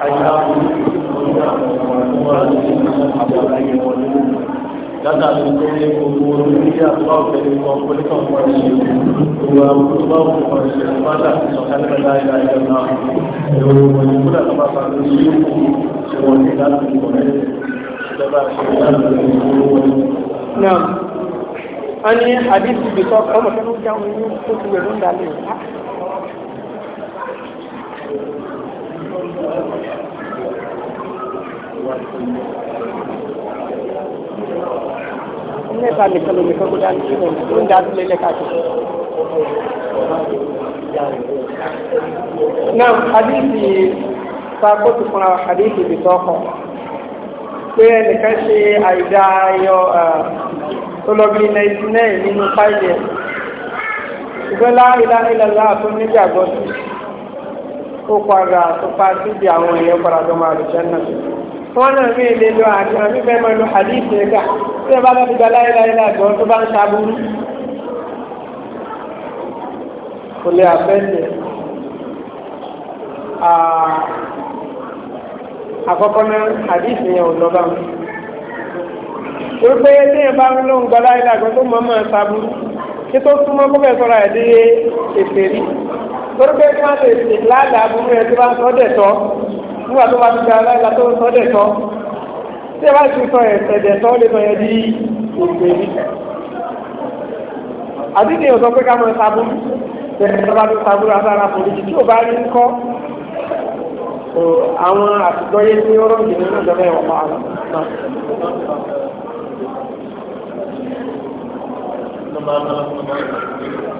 látàrí tó ní gbogbo orílẹ̀ àpá òfin kan pólítọ̀ fún ẹ̀ṣẹ̀ ìwà òkúta òkú fún ẹ̀ṣẹ̀ ìpátà ìsọ̀kalẹ̀ láìla ẹ̀yọ̀ náà èrò ìwọ̀n ìkúlẹ̀ tó bá bá ló sí òkú tí wọ́n ní láti ìkọ̀lẹ̀ ìjọba ṣe láti ìwọ̀n wọn. náà a ní àdìsí bìtọ́ ọmọ tó ń jáwé ní kókò ẹ̀rọ ń dalẹ̀ mẹ́ta nìkan ló nìkan kó dá ní ìwọ̀n tó ń dá sílé lẹ́kàtí. Náà hadithi sàkóso fún àwọn hadithi bí tọ́kọ̀ pé ẹnìkan ṣe àìdá ayọ̀ tọ́lọ́bí náà nínú fáìlì ẹ̀. Ṣùgbọ́n láìláìlá tó nígbàgbọ́ sí ó padà tó pa síbi àwọn èèyàn padà tó máa lè jẹ́ náà wọ́n náà mí lè lo àti àmì fẹ́ máa lo àdíìsì ẹ̀gà tí ẹ bá lọ́ dìgbà láyéláyé láàgbọ́ tó bá ń ṣàbùrú kò lè àfẹ́sẹ̀ àkọ́kọ́ náà àdíìsì yẹn ò lọ́ba mi wípé tí ẹ bá ń lóun gbà láyéláyé láàgbọ́ tó mọ̀ máa ṣàbùrú kí tó súnmọ́ kó bẹ̀ sọ́ra ẹ̀ dé ètè rí torí pé kí wọ́n lè ṣe láàlà aburú ẹ tí wọ́n sọ dẹ̀ tọ́ nígbà tó bá ti gba aláìlá tó sọ dẹ̀ tọ́ tí ẹ bá ti sọ ẹ̀sẹ̀ dẹ̀ tọ́ lè sọ yẹn di òkè ní. àdínì ò sọ pé ká máa sabú bẹ̀rẹ̀ tó bá ti sabú asára foríjì tí ò bá rí kọ́ àwọn àtìgbọ́yé tí ó rọ̀ jìnnà náà jọba ẹ̀wọ̀n pa àwọn Thank you.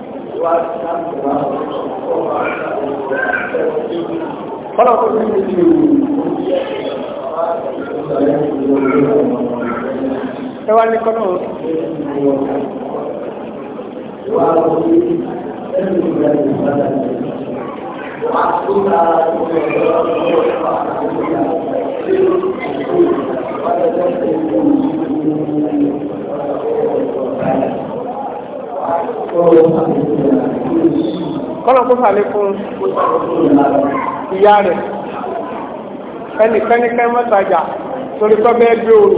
Fọ́nà kò ní ìdí ìrù. Ẹ wá ní kọ́nà. Thank you kọ́nà kó sàlẹ̀ fún ìyá rẹ̀ ẹnikẹ́nikẹ́ mọ́tajà torí kọ́ bẹ́ẹ̀ gbé òru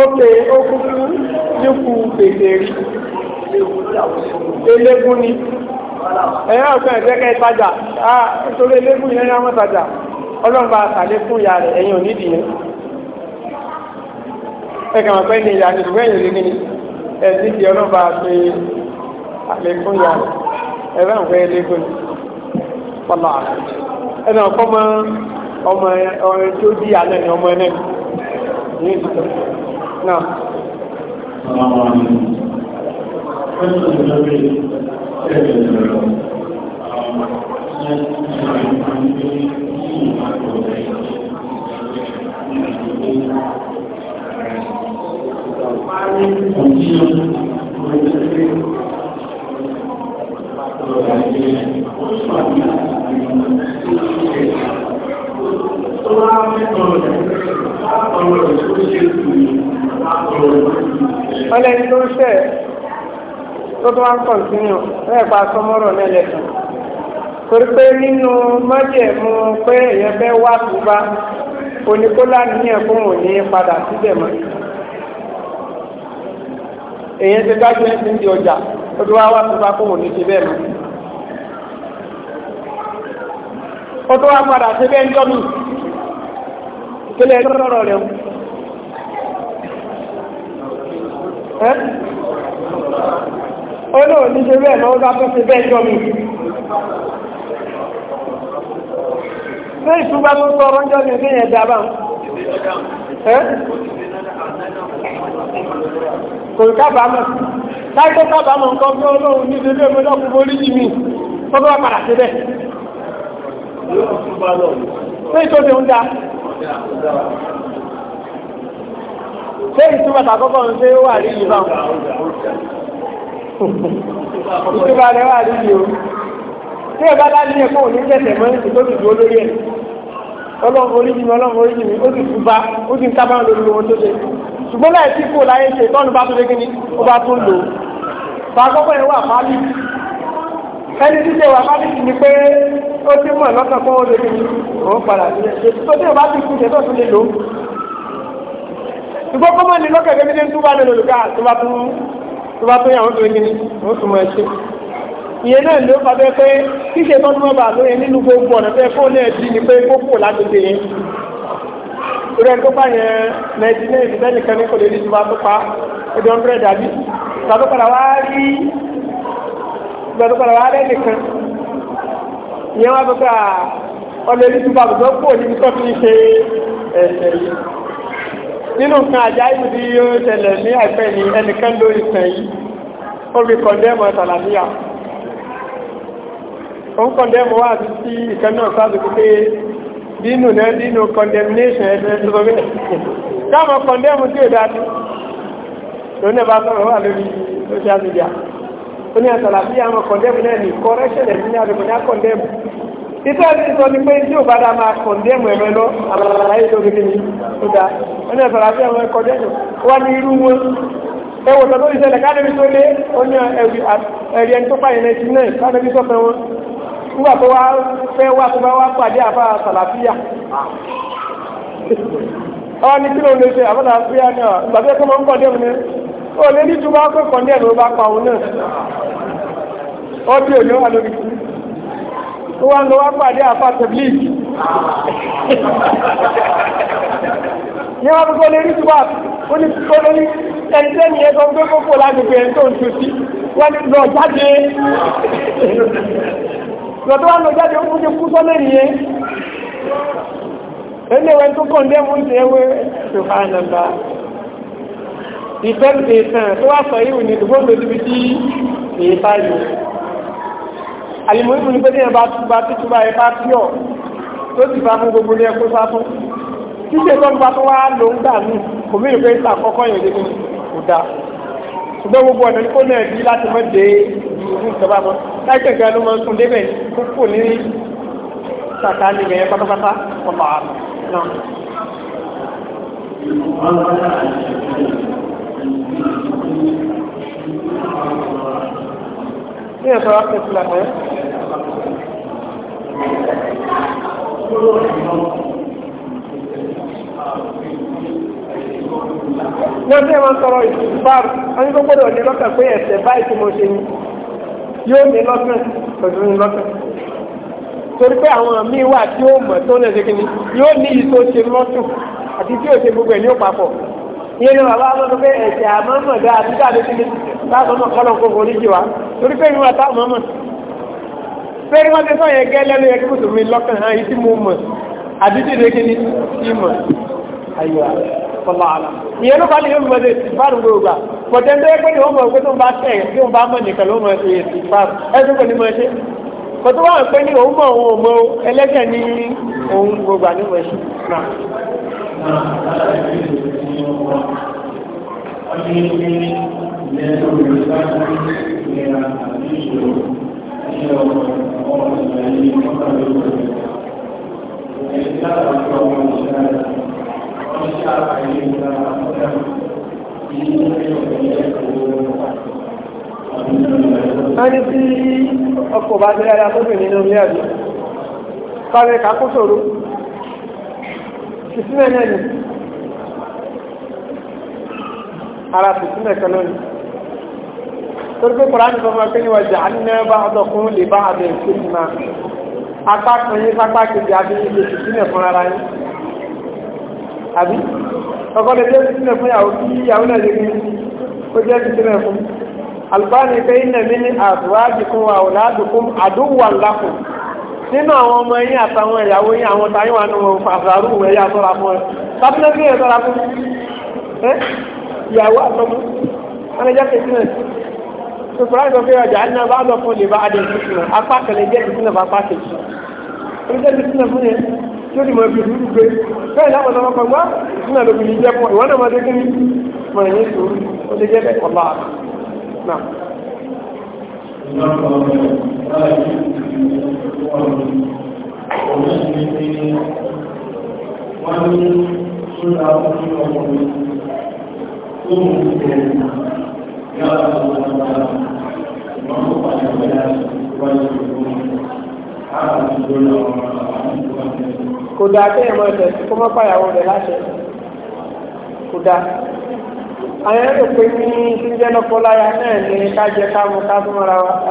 ó pè ó pèsè rí elégún ni ẹ̀yà ọ̀sán ẹ̀jẹ̀kẹ́ ìtajà nítorí elégún yẹn ní amọ́tajà ọlọ́run sàlẹ̀ fún ìyá rẹ̀ ẹ̀yìn ònídìí ẹ̀kàn ọ̀pẹ́ ni ìyá nìdúgbẹ́yìn lé ẹ̀sìn kí ọlọ́ba ṣe àlékún ya rẹ̀ ẹ̀rọ ìwé ẹlẹ́gùn ni pọ̀lọ́ àrùn ẹ̀nà ọ̀kọ́ mọ ọmọ ọ̀rẹ́ tó di alẹ́ ni ọmọ ẹlẹ́ni ní ìdíjọ náà. Thank you. ọlẹ́ni tó ń ṣẹ̀ tó tó wá ń kọ̀ntínú ẹ̀pà sọmọ́rọ̀ lẹ́lẹ́sàn torí pé nínú májẹ̀mú pé èèyàn fẹ́ wá tó bá oníkólá níyàn fún òní padà síbẹ̀ mọ́ èyí ti dájú ẹsẹ̀ ń di ọjà ó ti wá wá tó bá kó wò ní ṣe bẹ́ẹ̀ mọ́. ó tó wá padà ṣe bẹ́ẹ̀ ń jọ́ mi ìpínlẹ̀ ẹjọ́ lọ́rọ̀ rẹ̀ o. ó ní òní ṣe bẹ́ẹ̀ mọ́ ó bá tó ṣe bẹ́ẹ̀ jọ́ mi. ṣé ìtúgbà tó sọ ọ́rọ́ ń jọ́ mi kéèyàn dábàá? kò kábàámọ̀ láìpé kábàámọ̀ nǹkan bí ọlọ́run ní ilé ìwé lọ́kùn borí jì mí tó bá padà sí bẹ́ẹ̀. ṣé ìtòsí ń da? ṣé ìtumọ̀ àkọ́kọ́ ń ṣe wà rí yìí báwọn? ìtumọ̀ rẹ̀ wà rí yìí o. tí ẹ bá dá ní ẹ̀kọ́ òní tẹ̀sẹ̀ mọ́ ìtòsí dúró lórí ẹ̀ ọlọ́run orí jì ọlọ́run orí jì ó sì tún bá ó sì ń kábàámọ̀ lórí ohun tó ṣe ṣùgbọ́n láì sí kó láyé ṣe tọ́nu bá tún lékíní ó bá tún lò fàákọ́kọ́ ẹ̀ wà fálì ẹni tí ṣe wà fálì ni pé ó ti mọ̀ lọ́kàn kó ó lékíní òun padà sílẹ̀ tó tí ò bá ti kú ṣètò tún lè lò ṣùgbọ́n kọ́mọ́ ni lọ́kàn gẹ́gẹ́ tó bá lè lò tó bá tó yà wọ́n tún lékíní ó tún mọ̀ ẹṣẹ́ ìyẹn náà ló fà bẹ́ẹ̀ pé kíṣe tọ́nu mọ́ irú ẹni tó bá yẹn nàìjíríà ní ìdílé nìkan ní kò lè rí ju máa tó pa ẹjọ ń bẹ̀rẹ̀ dàbí ìgbà tó padà wá rí ìgbà tó padà wá rẹ́ nìkan ìyẹn wá tó gbà ọlẹ́ rí ju máa tó kú òní tó fi ṣe ẹ̀sẹ̀ yìí nínú nǹkan àjá ìlú tí ó ṣẹlẹ̀ ní àìpẹ́ ni ẹnìkan ló ìsàn yìí ó fi kọ̀ndẹ́mọ̀ sàlàmíyà ó ń kọ̀ndẹ́mọ̀ wá sí ìkẹ́ náà sáà dínú náà dínú condemnation ẹ̀sẹ̀ tó bẹ́ẹ̀ káàmọ̀ condemn tí ò dáadé tó ní ẹ̀bá sọ̀rọ̀ wà lórí social media ó ní àtàlà bí àwọn condemn náà ní correction ẹ̀sìn ní àdùkù ní à condemn títọ́ ti sọ ni pé tí ò bá dá máa condemn ẹ̀rọ lọ àbàlàyé tó gbé ní tó dáa ó ní àtàlà bí àwọn condemn wà ní irú wọn ẹwọ̀ tọ́ tó ìṣẹ̀lẹ̀ káàdébí tó lé ó ní ẹ̀rí ẹni nígbà tó wá fẹ́ wá tó bá wá pàdé àfa sàlàfíà ọ ní kí ló lè ṣe àfa sàlàfíà ni ọ ìgbà tó yẹ kó máa ń pọ̀ dẹ́mu ni ó lé ní túbọ̀ kó kàn díẹ̀ ló bá pa òun náà ó bí òní wà lórí kú ó wá ń lọ wá pàdé àfa tẹ̀blíìkì ní wọn kó lè rí túbọ̀ ó ní kó lè rí ẹ̀ńtẹ́ni ẹ̀ kan gbé kókó lágbègbè ẹ̀ tó ń wọ́n ti lọ jáde. lọ tó wá lọ jáde ó kúrò kú sọ́lẹ̀ nìyẹn eléwẹ́ tó kàn dé mú ṣe wé ṣùgbọ́nàmbá ìfẹ́ ìsàn tó wá sọ ìwò ní ìdúgbò tó ti tí èyí báyìí àlìmọ́ìmù ní pé ní ẹ̀bá túbá títúbá ẹ̀bá tíọ̀ tó ti bá fún gbogbo ní ẹkú sáfún títẹ̀ tó ń bá tó wá lò ń gbà mí kò mí ìpé ìta àkọ́kọ́ yẹn lé kò dáa ṣùgbọ́n gbogbo ọ̀nà kó náà di láti mọ́ de ìlú ìjọba mọ́ láìpẹ́ gan ló máa ń tún débẹ̀ kókò ní tàkà níbẹ̀ yẹn pátápátá ọ̀pọ̀ àmọ́ Ní ẹ̀sọ́ wá pẹ̀sìlẹ̀ mọ́. wọ́n tẹ́ wọn sọ̀rọ̀ ìfúnfàr wọ́n ní kó gbọ́dọ̀ ní lọ́kàn pé ẹ̀sẹ̀ báyìí tí mo ṣe ni yóò ní lọ́kàn pẹ̀lú ní lọ́kàn torí pé àwọn míín wà tí ó mọ̀ tó lè ṣe kí ni yóò ní ìtò ṣe lọ́sùn àti tí ò ṣe gbogbo ẹ̀ ní ó papọ̀ ìyẹn ni bàbá wọn sọ pé ẹ̀sẹ̀ àmọ́mọ̀ dáa àti dáa lóṣù ní táwọn ọmọ kọ́lọ̀ kó forí jì wá torí pé ìwọ̀n táwọn ọmọ pé wọ́n ti sọ yẹn gẹ́ lẹ́nu yẹn mọ̀ àti tí kí ni tí mọ̀ ayọ̀ sọlá àlà ìyẹn ló bá ní yóò mọdé ìsìnfàrù gbogbo pọtẹ ń dẹ́yẹ pé ní wọ́n mọ̀ pé tó ń bá tẹ̀ tí wọ́n bá mọ̀ nìkan ló mọ̀ ṣe ìsìnfàrù ẹ̀sùn kò ní mọ̀ ṣe kòtò wà pé ní òun mọ̀ òun mọ̀ ẹlẹ́sẹ̀ ní òun gbogbo àní mọ̀ ṣe náà. Thank you a ní tí ọkọ̀ bá jẹ́ ara tóbi nínú ilé àbí sáré kakó sòrò ìsúnmẹ̀ náà ni ara ìsúnmẹ̀ kan lónìí torí pé kọ̀rọ̀ àjùbọ̀ máa pé ní ọjà àníyàn bá ọdọ̀kún lè bá àbẹ̀ ìsúnmẹ̀ apá kan yí sápá kejì àbí ìsúnmẹ̀ fún ara yìí àbí ọkọ lè jẹ́ fìtínà fún yàwó kí yàwó náà lè rí ó jẹ́ fìtínà fún albani pé iná mi ní àdúrájìkún wa ò ládùkún àdúwà lákùn nínú àwọn ọmọ yín àtàwọn ìyàwó yín àwọn táyín wà nínú àfàrú ẹ̀yà sọ́ra fún ẹ sábúlẹ̀ bí ẹ̀ sọ́ra fún ẹ ìyàwó àtọmọ wọn lè jẹ́ fìtínà sùpùrọ̀ àìsàn fẹ́ ọjà ní ọba àdọ̀fún lè bá adé fìtínà apá kẹlẹ̀ jẹ́ fìtínà bá pàkejì ó jẹ́ tí ó sì máa fi dúdú pé bẹ́ẹ̀ láwọn ọmọ ọkọ̀ wá nínú àlòkùn yìí jẹ́ pọ̀ ìwọ́n náà máa dé kíní máa yín sùúrù ó ti jẹ́ bẹ́ẹ̀ ọ̀la náà. Wọ́n ní ṣúra ọdún ọkùnrin tó mú ìgbẹ̀rẹ̀ yára ọ̀pọ̀lọpọ̀ àwọn ọmọ ìgbẹ̀rẹ̀ wáyé ìgbẹ̀rẹ̀ àwọn ìgbẹ̀rẹ̀ kò dáa kéèyàn máa kó má pàyàwó rẹ̀ láṣẹ kò àwọn ẹ̀rọ pé ní síjẹ́ na náà ní kájẹ káàmù káàmù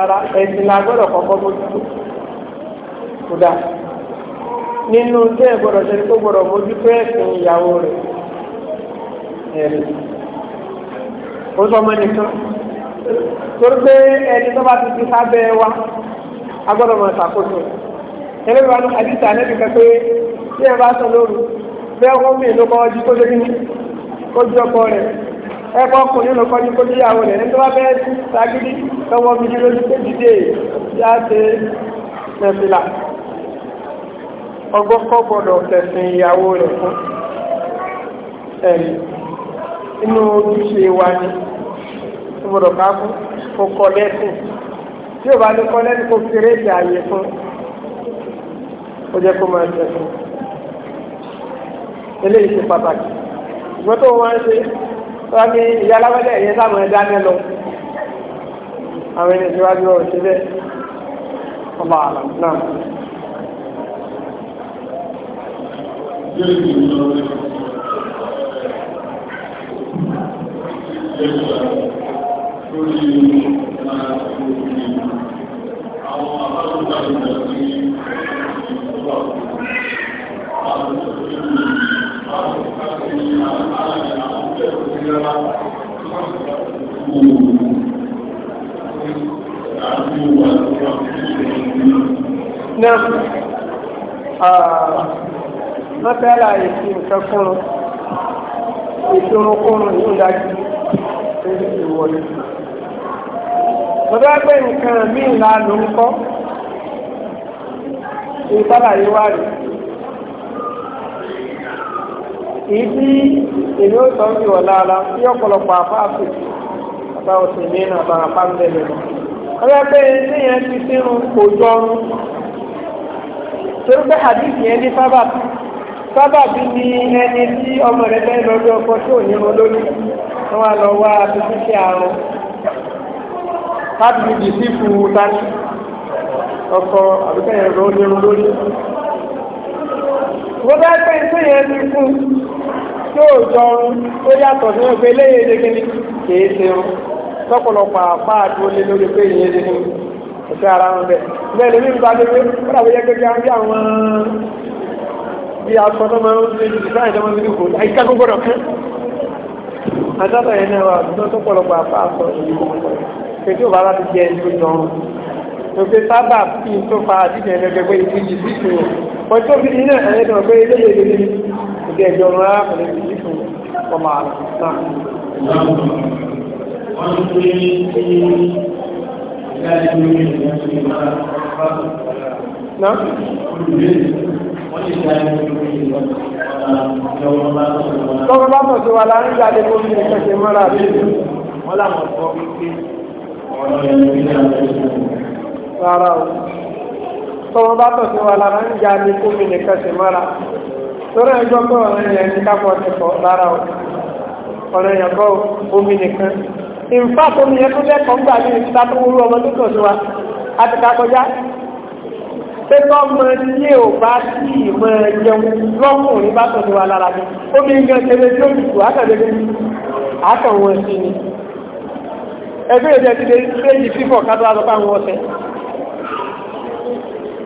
ara ẹ̀sìn la gbọ́dọ̀ kọ́kọ́ mójútó kò nínú tẹ́ ẹ̀ gbọ́dọ̀ ṣe tó gbọ́dọ̀ mójútó ìyàwó sọ nìkan torí pé ẹni tó bá ti fi wa àdìsá pé tí ẹ bá sọ lóru bẹ́ẹ̀ wọ́n mí ló kọ́jú tó lé ní kójú ọkọ rẹ̀ ẹ̀kọ́ ọkùnrin ló kọ́jú kójú ìyàwó rẹ̀ ní tó bá bẹ́ẹ̀ sagídí lọ́wọ́ mi ní lójú tó dìde yá ṣe tẹ̀sílà ọgbọ́kọ́ gbọ́dọ̀ tẹ̀sìn ìyàwó rẹ̀ fún ẹ̀rí inú ojúṣe wa ni tó gbọ́dọ̀ ká fún kó kọ́ lẹ́sìn tí ò bá lè kọ́ lẹ́sìn kó kéré ìdí ààyè fún ó jẹ́ kó eléyìí ti pàtàkì ìgbọ́n tó wọ́n ṣe wọ́n ní ìyá alábẹ́lẹ̀ ẹ̀yẹ sáwọn ẹ̀dá náà lọ àwọn ẹni ìṣíwájú ọ̀rọ̀ ṣe bẹ́ẹ̀ ọba àlà náà. Àwọn àbájáde Ah, wọ́n fẹ́ láàyè sí nǹkan kúrun ìṣòro kúrun ní ìdájú lórí ìwọlé. mo bá gbé nǹkan míì lánàá ń kọ́ ìtàlàyé wá rèé. e tí èmi ó sọ ń fi afọ tí ọ̀pọ̀lọpọ̀ àfáàfẹ́ bá o sì ní ìnà àbára pàǹdẹ̀ lẹ́nu. ọ̀rẹ́ pé ní yẹn ti sínú kò yẹn ní ẹni tí ọkọ tí ò ní wọn lórí wọn wá lọ wá sí àrùn láti fi fún un ọkọ lórí. wọ́n bá pẹ́ sí yóò jọ ó yàtọ̀ sí wọn pé eléyìí èdè kìíní kìí ṣe wọn lọ́pọ̀lọpọ̀ àpá àti olè lórí pé ìyẹn èdè kìíní kò sí ara wọn bẹ́ẹ̀ bẹ́ẹ̀ lè ní ìgbà tó pé ó dàbí yẹ kékeré bí àwọn bí aṣọ tó máa ń ṣe jù sáà ìjọba nínú kò àyíká tó gbọdọ̀ kán àtàtà yẹn náà wà tó tó pọ̀lọpọ̀ àpá àṣọ ìlú pé tí ò bá láti jẹ ẹni tó jọ wọn òfin sábà fi tó fa àdíjẹ ẹgbẹgbẹ ìdíjì sí ìṣòro ọjọ́ bí ìdí ẹjọ́ ńlá pẹ̀lú ìdí fún ọmọ àrùn náà. wọ́n é sí ìdá ìlú ìrìnàjò ìmọ̀ àwọn náà. Tọ́rọ bá tọ̀ sí wa lárí jáde kó ní ìfẹ́ṣẹ́ mọ́ra bí wọ́n láwọn sọ wípé rárá o. Tọ́rọ bá kó ní ìfẹ́ṣẹ́ mọ́ra torí ẹjọ́ pé ọ̀rọ̀ yẹn ní kápọ̀ ti pọ̀ lára o ọ̀rọ̀ yẹn kọ́ omi nìkan ìfá tó ní ẹkú lẹ́kọ̀ọ́ gbà ní ìta tó wúrú ọmọ tó tọ̀ sí wa a ti ká kọjá pé kọ́ ọmọ tí ò bá sí ìmọ̀ ẹ̀jẹun lọ́kùnrin bá tọ̀ sí wa lára mi omi nǹkan tẹ̀lé tó dùkú àtẹ̀lé àtọ̀wọ̀n sí ni ẹgbẹ́ ìjẹ́ ti dé sí kátó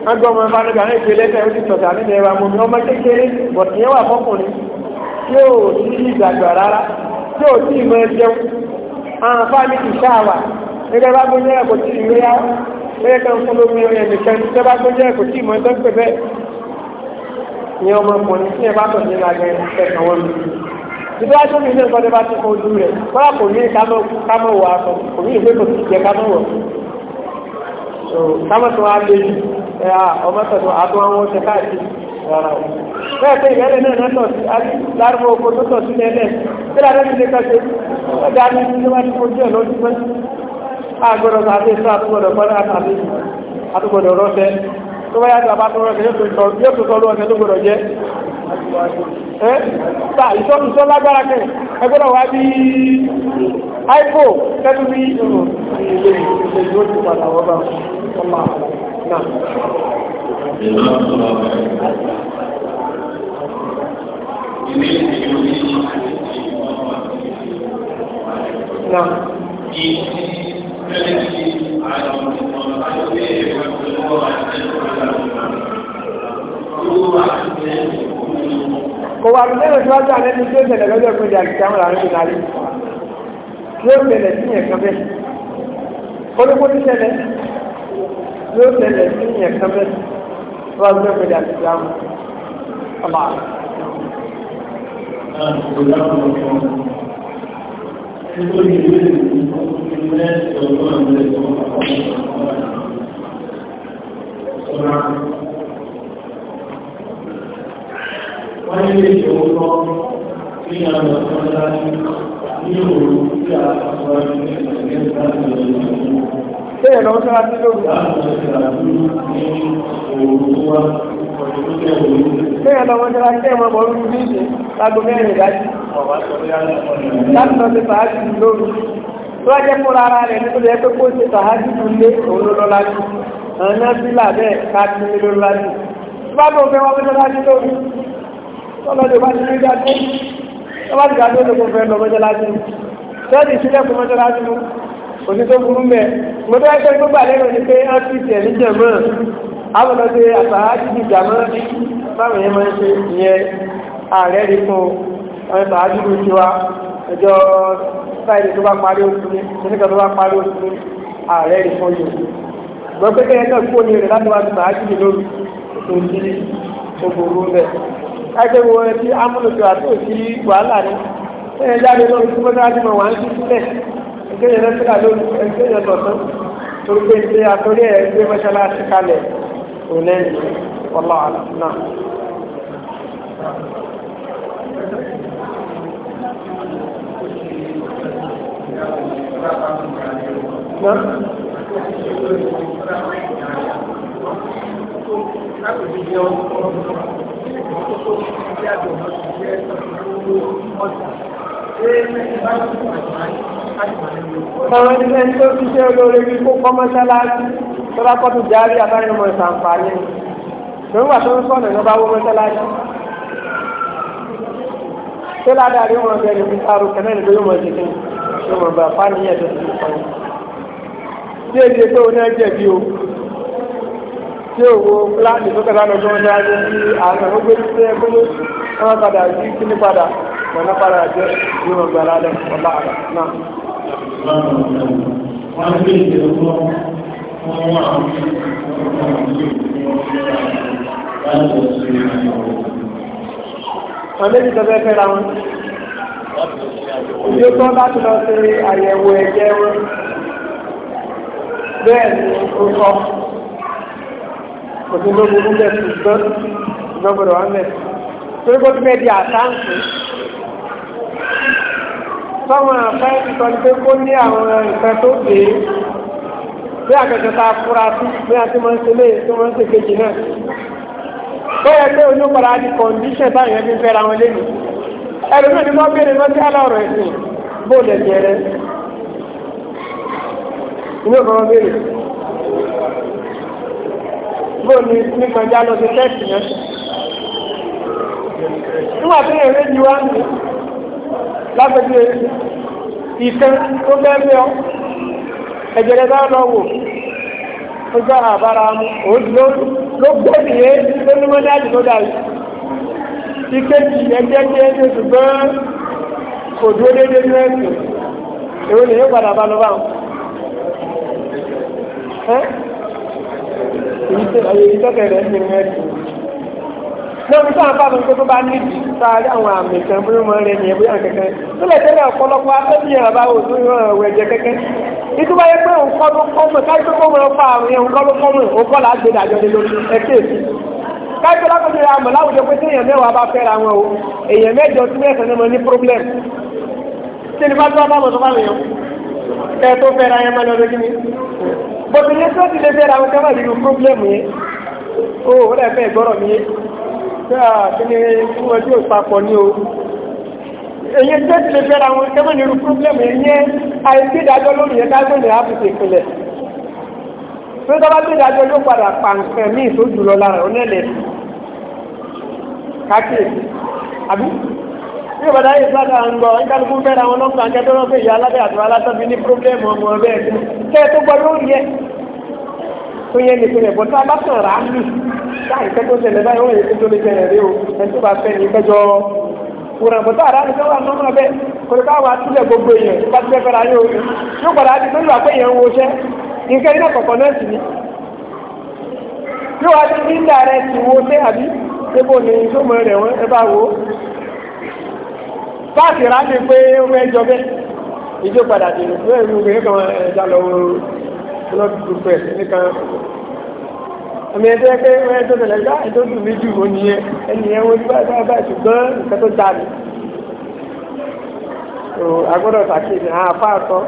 wọ́n gbọ́ ọmọ bá nígbà náà ìpele ẹ̀ka ó ti tọ̀tà nínú ẹ̀rọ amómi ọmọ kékeré bọ̀tì yẹn wà fọkùnrin tí ò sí ìgbàgbọ́ rárá tí ò sí ìmọ̀ ẹ̀jẹun àwọn afáàní kì í ṣáàwà nígbà bá gbóyè ẹ̀kọ́ tí ìwé yá lẹ́yìn kan fún lómi ẹ̀rọ ẹ̀mìkan nígbà bá gbóyè ẹ̀kọ́ tí ìmọ̀ ẹ̀tọ́ pẹ̀ bẹ́ẹ̀ ni ọmọkùnrin tí ẹ bá tọ̀ nínú agẹ ẹ̀kan wọn lò. Ìdí wá tó mi ní nǹkan tó bá ti kọ ojú rẹ̀, wọ́n kò ní kámọ̀ wọ aṣọ, kò ní ìwé kò sì jẹ kámọ̀ wọ̀ ẹ̀yà ọmọtọ̀tọ̀ àtọ́ àwọn oṣù káàkiri rárá o. bẹ́ẹ̀ pé ìyẹ́lẹ̀ náà náà tọ̀sí lárúbọ oko tó tọ̀sí lẹ́lẹ̀ tí lára ti lè kẹ́sẹ̀ ó dá ní ní wọ́n ti fojú ẹ̀ lọ́dún pẹ́. àgbọ̀dọ̀ sàbẹ̀ sọ àtúgbọ̀dọ̀ pẹ́ àtàbí àtúgbọ̀dọ̀ rọ́ṣẹ́ tó bá yàtọ̀ àbátọ̀ rọ́ṣẹ́ yóò tó tọ́lú ọ̀sẹ̀ tó gbọdọ̀ jẹ́. ẹ ta ìsọ lágbára kẹ ẹgbọ́dọ̀ wá bí ipo tẹ́lú bí ìlú ìlú ìlú ìlú ìlú Kò wà lórí tí wọ́n jẹ́ àlẹ́bí tí ó tẹ̀lẹ̀ lọ́jọ́ ìpínlẹ̀ àìsíkàmọ̀ láàrin ìlàrí. Tí ó tẹ̀lẹ̀ sí ẹ̀kan bẹ́ẹ̀. Olúkó ti tẹ̀lẹ̀ yóò tẹ̀lé sí ìyẹn kan bẹ́ẹ̀ wọ́n gbé pẹ̀lú àti ìdáhùn ọba. Wọ́n ní ìṣòro lọ sí àwọn ọ̀sán láti ní òòrùn tí a sọ ní ìṣẹ̀lẹ̀ láti ọ̀sán. Bẹ́ẹ̀ lọ sọ́ra sí lóru. Bẹ́ẹ̀ lọ wọ́n sọ́ra kẹ́ wọn bọ̀rú ní ìṣe lágbo mẹ́rin ìdájí. Láti lọ sí fàájì lóru. Tó wá jẹ́ fúnra ara rẹ̀ ní kúlẹ̀ pé kó ṣe fàájì tó lé òun ló lọ́la jù. Àwọn náà sí làbẹ́ ká ti lé ló lọ́la jù. Bá bò fẹ́ wọ́n sọ́ra sí lóru. Tọ́lọ́dọ̀ bá ti ní ìdájọ́. Tọ́lọ́dọ̀ bá ti ní ìdájọ́ òsì tó burú mẹ́ mọ́tò ẹgbẹ́ tó gbà lẹ́nu ni pé á ti tẹ̀ ní jẹ̀mọ́ àwọn ọ̀dọ́ àtàrà di jàmọ́ báwọn yẹn máa ń ṣe ìyẹn ààrẹ rí fún ọmọ ìtàrà dúdú ti wa ẹjọ́ sáìdì tó bá parí oṣù ní oníkà tó bá parí oṣù ní ààrẹ rí fún yìí gbọ́n pé kẹ́yẹ náà kúrò ní rẹ̀ láti wá tàrà ti di lórí tó ti tó burú mẹ́ ẹgbẹ́ wo ẹ ti amúnutù àti òsì wàhálà ni ẹ̀yẹ jáde tí mọ́tò kéèyàn lẹ́sìnà lónìí ẹgbẹ́yàn lọ́sán torí pé ṣe àtọ́rí ẹ̀ gbé mọ́ṣáláṣí kalẹ̀ òun lẹ́yìn ọlọ́ọ̀lá náà. Thank you. Àwọn ẹni ẹni tó ti ṣe olóore bí kó kọ́ mọ́ṣáláṣí tó bá kọ́ tó járí abáyé mọ̀ ìsànfààní. Lórí wà tó ń sọ̀nà ló bá wó mọ́ṣáláṣí. Ṣé ládàá rí wọn bẹ̀rẹ̀ fi sáró kẹ́lẹ́ ní lórí mọ̀ọ́sí kí ló mọ̀ bá fá ní ẹ̀dọ́ sí ìfọ̀n. Ṣé èdè tó o náà jẹ̀bi o? Ṣé òwò pílánì tó kẹ́lá lọ́gbọ́n dáadé sí àná ó gbé wọn padà jẹ́ yóò gbàrà lẹ̀ ọ̀la àrà náà. wọ́n gbé ìdèrò fún wọn wà ní ọ̀la àrà wọ́n lé ní tọ́jú ẹ̀fẹ́ ra wọn. ìdí tó láti lọ sí àyẹ̀wò ẹ̀jẹ̀ wọn bẹ́ẹ̀ ni ó sọ kò sí lóògùn bẹ́ẹ̀ ṣùgbọ́n ìgbọ́gbọ́dọ̀ wọn bẹ́ẹ̀. torí kó tún bẹ́ẹ̀ di àtàǹkì sọ́wọ́n àfẹ́ ìtọ́ ni pé kó ní àwọn nǹkan tó dé bí àgbẹ̀jọ ta fura sí bí a ti máa ń ṣe lé tó máa ń ṣe kejì náà ó yẹ pé onípadà di kọ̀ǹdíṣẹ̀ báyìí ẹni fẹ́ra wọn lẹ́nu ẹlòmíràn ni wọ́n béèrè lọ́sí aláwọ̀rọ̀ ẹ̀sìn bó lẹ̀ jẹ́ rẹ inú ọ̀rọ̀ béèrè bó ni nípa já lọ sí tẹ́ẹ̀sì yẹn nígbà tó yẹ méjì wá nìyẹn lágbègbè ìkan tó lẹ́gbẹ́ ọ ẹ̀jẹ̀rẹ̀ bá lọ wò ó jọ àbára mu òun ló gbé nìyẹn ló ní mọ́ dáàdì tó dàrí ìkejì ẹgbẹ́ tí ẹni ṣùgbọ́n kò dúró déédéé ní ẹ̀sìn èwo lè yóò padà bá lọ bá wọn. èyí tó kẹ̀lẹ́ ń ta rí àwọn àmì kan bí wọ́n rẹ̀ yẹn bóyá kankan tó lè tẹ́lẹ̀ ọ̀pọ̀lọpọ̀ afẹ́bí yẹn bá wò tó yàn ọ̀wẹ̀ jẹ kankan ìtura yẹ pé òun kọ́ ló kọ́ mọ̀ káyọ̀ tó kọ́ mọ̀ ọ̀pọ̀ àrùn yẹn òun kọ́ ló kọ́ mọ̀ òun kọ́ là á gbé dàjọ́ lé lórí ẹ̀kẹ́ èsì káyọ̀ lákòókò yẹn àmọ̀ láwùjọ pé téèyàn mẹ́wàá bá fẹ́ra wọn o èèyàn mẹ́jọ tí mẹ́sàn án ní problem kí ni bá tó bá mọ̀ tó bá yàn kẹ́ tó fẹ́ra yẹn má lọ lójú mi bọ̀dọ̀ yẹn tó ti lè fẹ́ra wọn kẹ́ pé àkíní fún ẹjọ́ ìpapọ̀ ní o èyí tẹ́ ti lè fẹ́ra wọn kẹ́mọ̀ nínú pírọ́blẹ́mù yẹn àìsí ìdájọ́ lórí yẹn dágbóni áfíìsì ìpìlẹ̀ tó dábàá tó ìdájọ́ yóò padà pàǹkẹ́ ní ìtòjú lọ lára onẹ́lẹ̀ kákìrì àbí ní ìbàdá yìí sáà dáa ń gbọ́ ìkálukú fẹ́ra wọn lọ́pàá ń kẹ́tọ́ lọ́pàá ìyá alábẹ́ àtọ́ alátọ́bí ní pírọ́blẹ́mù ọmọ bẹ́ẹ̀ tó gbọ́ lórí yẹn tó yẹn nìpínlẹ̀ bọ́tá bá sọ̀rọ̀ á lù láì ah, fẹ́ tó ṣẹlẹ̀ báyìí wọ́n yẹ kí tó lè ṣẹlẹ̀ rí o ẹni tó bá fẹ́ ní ìfẹ́jọ́ wúran bọ́tọ̀ àrà ni sọ́wọ́n àná náà bẹ́ẹ̀ kò lè káwá sílẹ̀ gbogbo èèyàn bá ti fẹ́ fẹ́ra yóò rí yóò padà á di tó yóò wá pé èèyàn ń woṣẹ́ nǹkan iná kọ̀ọ̀kan náà sì ni yóò wá sí nígbà rẹ̀ ti wo ṣé àbí ebo ní ìṣòmọ rẹ̀ wọ́n ẹ bá wo páàkì rà ní pé ó fẹ́ jọ bẹ́ẹ̀ ìjó padà dé ìlú ẹ̀rù ìgbẹ́ kan ẹ̀dá ọmọ ẹgbẹ́ pé wọ́n ẹjọ́ tẹ̀lẹ̀ gbá ẹjọ́ dùn mí jù òní yẹn ẹni ẹwọ́ ní báyìí báyìí báyìí ṣùgbọ́n nǹkan tó dáa ni. agbọ́dọ̀ ṣàkíyèsí àwọn afá àtọ́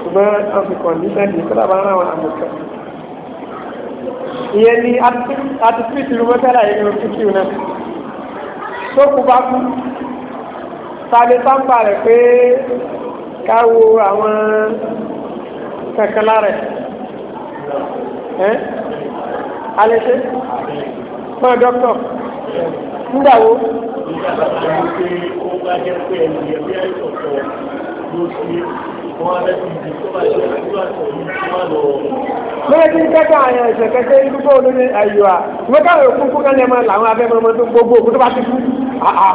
ṣùgbọ́n wọ́n fi kàn ní sẹ́ndì kọ́lá bá ń ràn wọn àmọ̀ kan. ìyẹn ni a ti fi ìṣirò mọ́tàlá yìí ní oṣù kìí náà. tó kú bá kú sáré sáńpà rẹ̀ pé káwo àwọn kankan lára ẹ̀ alẹ́ ṣe fún ẹ dókítà nígbà wo. Lọ́wọ́ tí ń kẹ́kọ̀ọ́ àyàn ẹ̀sẹ̀ kẹ́kẹ́ ìdúgbò olómi ayò à. Wọ́n káwé fún kó kánlẹ̀ máa làwọn abẹ́mọ́mọ́ tó gbogbo òkú tó bá ti kú. Àà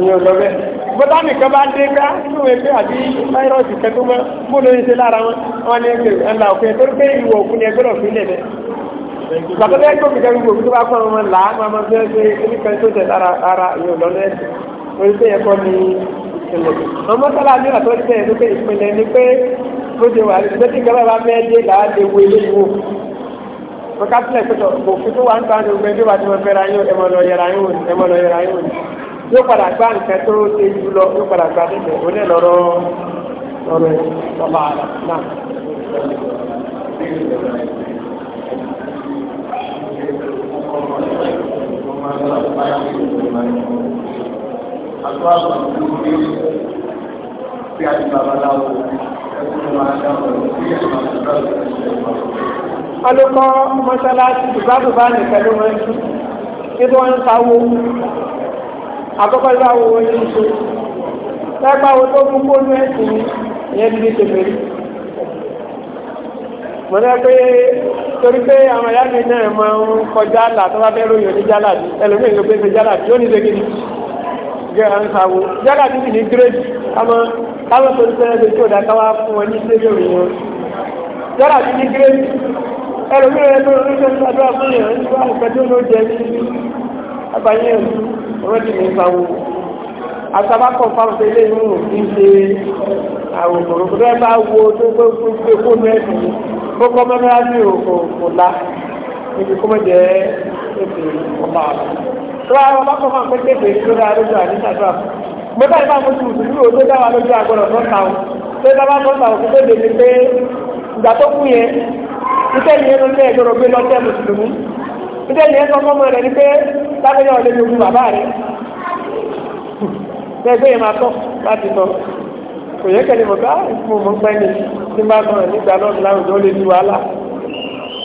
ìyẹn lọ bẹ́ẹ̀. Bọ́tá nìkan bá dé ká nínú ẹgbẹ́ àbí fáírọ́ọ̀sì kẹ́kọ̀ọ́ mọ́ bó ló ń ṣe lára wọn. Wọ́n ní ẹgbẹ́ ẹ̀ ń la òfin torí pé ìwọ̀ òkú ni ẹgbẹ́ gbàgbọ́dọ̀ ẹgbẹ́ òbí kẹ́kẹ́ òbí tó bá kọ́ ọmọ là á máa máa fẹ́ ṣe ẹni kan tó tẹ̀ lára ara ìyọ̀ lọ́nà ẹ̀sìn orí tó yẹ kọ́ ni ìṣẹ̀lẹ̀ ọmọ sọ́lá ní ọ̀tọ́ tẹ̀ tó pé ìpínlẹ̀ ni pé bó ṣe wà lóṣù tí ìjọba bá mẹ́ẹ́dé làá lè wo ilé ìwò wọn ká sílẹ̀ pé òfin tó wà ń ta ọdún gbẹ́ndé wà tí wọ́n fẹ́ra yín ẹmọ lọ yẹra yín wòní ẹmọ lọ yẹra yín wòní yóò padà gbá Àtọ́ àwọn ìlú ní bí a ti babaláwo ẹkùn máa dáwọn sí ẹ̀mà ìgbàlódé ìṣẹ̀lẹ̀. Alókọ́ mọ́ṣáláṣí ìgbàbùbá nìkan ló máa ń kí. Ibi wọn ń sáwó. Àkọ́kọ́ ìbáwo wọn ní ṣe. Lẹ́gbàá wo tó mú kó ní ẹ̀sìn ìyẹn ní ṣe mẹ́rin. Mo torí pé àwọn ìyá mi náà máa ń kọjá là tó bá fẹ́ ròyìn ní jálàbí ẹlòmíì ló gbé ṣe jálàbí ó ní ṣe kíni gẹ à ń sàwò jálàbí sì ní gírèdì kámọ́ kámọ́ torí pé ẹgbẹ́ tí ò dáká wá fún wọn ní sẹ́yìn òyìn wọn jálàbí ní gírèdì ẹlòmíì rẹ tó ń ṣe àdúrà fún yẹn nípa ìpẹ́jọ́ ló jẹ ní abáyé rọ́ọ̀dì ní sàwò asabakọ fáwọn ilé ìmú kì í ṣe àwòrán tó kókó mẹ́tàlásì òkò kò la níbi kó mẹ́jẹ ètò ọmọ àwọn. tó bá wọn bá kọ́ máa pé kéde tó dáa lójú àdínkà tó àpò. mo bá ìbá mojú ìdúró ìwé tó dáa lójú àgbọ̀dọ̀ tó ta o tó bá bá tó ta o kó tó dèjì pé ìgbà tó kú yẹn iṣẹ́ yẹn ló tẹ́ ìjọba gbé lọ́tẹ́ mùsùlùmí iṣẹ́ yẹn sọ fọ́mọ rẹ̀ ni pé lábẹ́yẹ ọ̀lẹ́ yòókù bàbá rẹ̀ bẹ́ẹ̀ bẹ́ẹ̀ máa tọ́ láti tọ́ kò yẹ kẹ́lẹ́ mọ̀ ká ìfún ah, mọ̀ pẹ́ẹ́lẹ́ tí bá sọ̀rọ̀ nígbà náà láwùjọ ó lè di wàhálà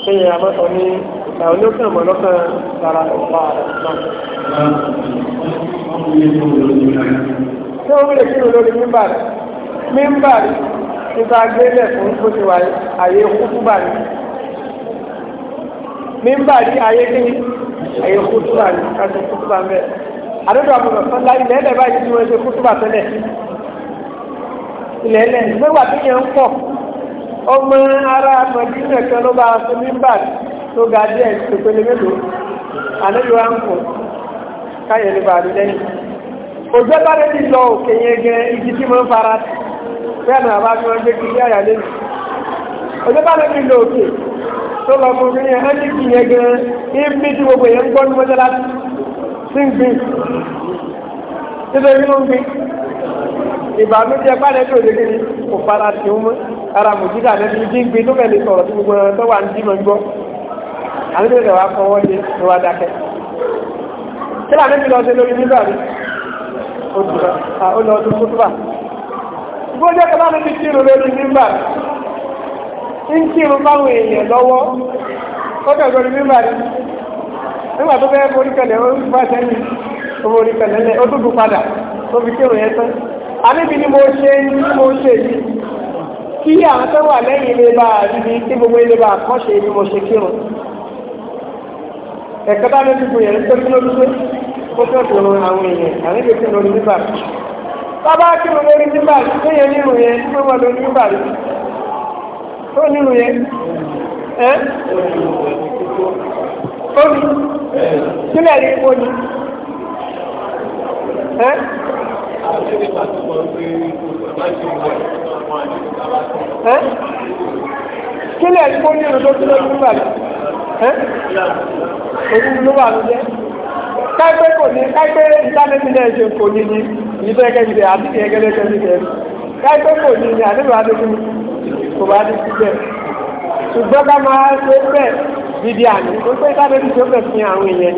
kéèyàn àmọ́tọ̀ ní àwọn olókè ọ̀mọ̀ lọ́kàn tara ọ̀pá náà. ṣé ó lè kírun lórí mímbà rẹ̀ mímbà rẹ̀ nípa gbélé fún bó ti wà àyè kúkúbà rẹ̀ mímbà rẹ̀ àyè kí àyè kúkúbà rẹ̀ káṣí kúkúbà mẹ́ àdúgbò àbúrò sọ́lá ilẹ̀ ẹ̀dẹ̀ báyìí tí wọ́n ṣe kúkúbà tẹ́lẹ̀ ilẹ̀ ẹ̀lẹ̀ nígbà tí yẹn ń pọ̀ ọmọ ará mọ̀dínà kan ló bá aṣọ nígbà tó ga díẹ̀ ìpele mélòó ànábì wa ń kọ̀ káyọ̀ ní bàbí lẹ́yìn òjò bá lè ti lọ òkè yẹn gẹ igi tí mo ń fara bẹ́ẹ̀ náà bá fi wọn gbé kiri àyà lẹ́nu òjò bá lè ti lọ òkè tó lọ fún ara mùjídà lẹ́nu jí ń gbé tó bẹ̀lẹ̀ sọ̀rọ̀ tí gbogbo ẹran tó wà ń jí mọ̀ gbọ́ àwọn ìbéèrè wa fọwọ́ ṣe ló wá dákẹ́ kí làwọn ẹbí lọ sí lórí nígbà ó lọ sí gbogbo jẹ́ kọ́lá ní lórí ń báwọn èèyàn lọ́wọ́ ó ní nígbà tó fẹ́ ó ń bá sẹ́yìn ó ó padà ó fi yẹn àníbi ni mo ṣe ní mo ṣe yìí kí àwọn tó wà lẹ́yìn ilé bá ibi tí gbogbo ilé bá kọ́ ṣe ibi mo ṣe kírun ẹ̀kọ́ bá mi dìbò yẹn tó kí ló dúró ó tó dùnrùn àwọn èèyàn àwọn èèyàn kírun lórí nígbà bàbá kírun lórí nígbà tó yẹ nírun yẹn tó wà lórí nígbà tó nírun yẹn ẹ́ ó ní sílẹ̀ rí ipò ní ẹ́ ẹ́ kílẹ̀ ẹ̀kọ́ ní ọdún tó lọ́dún nígbà tí ẹ́ òun ló wà lójẹ́ káìpẹ́ kò ní káìpẹ́ ìtánẹ́tì náà ṣe kò ní ní ìtọ́ ẹ̀kẹ́ ìṣẹ̀ àti ẹ̀kẹ́ lẹ́kẹ́ ìṣẹ̀ káìpẹ́ kò ní ní àdébò adékun kò bá dé sí bẹ́ẹ̀ ṣùgbọ́n ká máa ṣe bẹ́ẹ̀ dídí àná ó pé ìtánẹ́tì tó bẹ̀ fi àwọn èèyàn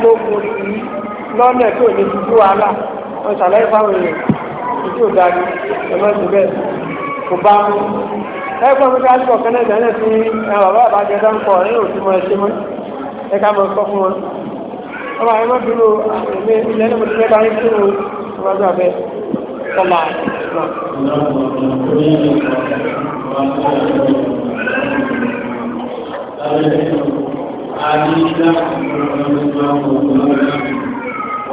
ni ká lọ́nà tó ní dúdú wàhálà wọn ṣàlàyé fáwọn èèyàn títí ò dájú ẹ̀mọ́ sí bẹ́ẹ̀ kò bá mú. ẹ gbọ́n mi ká sí ọ̀kan náà ìdáná sí ẹ bàbá àbájọ dáńkọ ẹ ò sí mọ ẹ ṣe mọ́ ẹ ká mọ sọ fún wọn. ọmọ àwọn ẹmọ dúró ẹmí ilẹ̀ ní mo ti fẹ́ bá yín kí wọn ọmọ ọdún abẹ ọmọ Thank you.